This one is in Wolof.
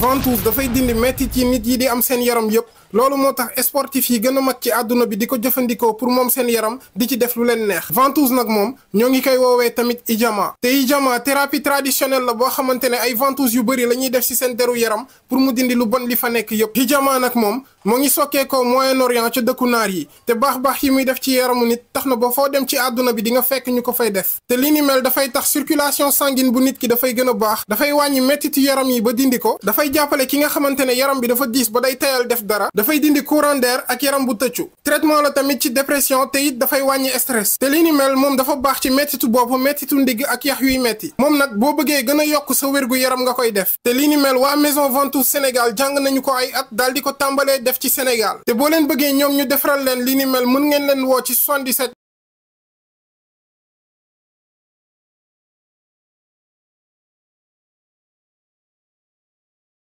ventouse dafay dindi métti yi nit yi di am seen yaram yëpp loolu moo tax sportif yi gën a mag ci àdduna bi di ko jëfandikoo pour moom seen yaram di ci def lu leen neex ventouse nag moom ñoo ngi koy woowee tamit ijama te jamaa thérapie traditionnelle la boo xamante ne ay ventouse yu bëri la ñuy def ci seen deru yaram pour mu dindi lu bon li fa nekk yëpp ijama nag moom moo ngi sokkee ko moyen orient ca dëkku naar yi te baax baax yi muy def ci yaramu nit tax na ba foo dem ci àdduna bi di fekk ñu ko fay def te li ni mel dafay tax circulation sanguine bu nit ki dafay gën a baax dafay wàññi méttitu yaram yi ba dindi ko jàppale ki nga xamante ne yaram bi dafa diis ba day tayal def dara dafay dindi courant ak yaram bu tëccu traitement la tamit ci dépression te it dafay wàññi stress te li mel moom dafa baax ci mettitu bopp mettitu ndigg ak yax yuy metti moom nag boo bëggee gën a yokk sa wérgu yaram nga koy def te li ni mel waa maison Ventoux Sénégal jàng nañu ko ay at daal di ko tàmbalee def ci Sénégal te boo leen bëggee ñoom ñu defaral leen li ni mel mën ngeen leen woo ci 77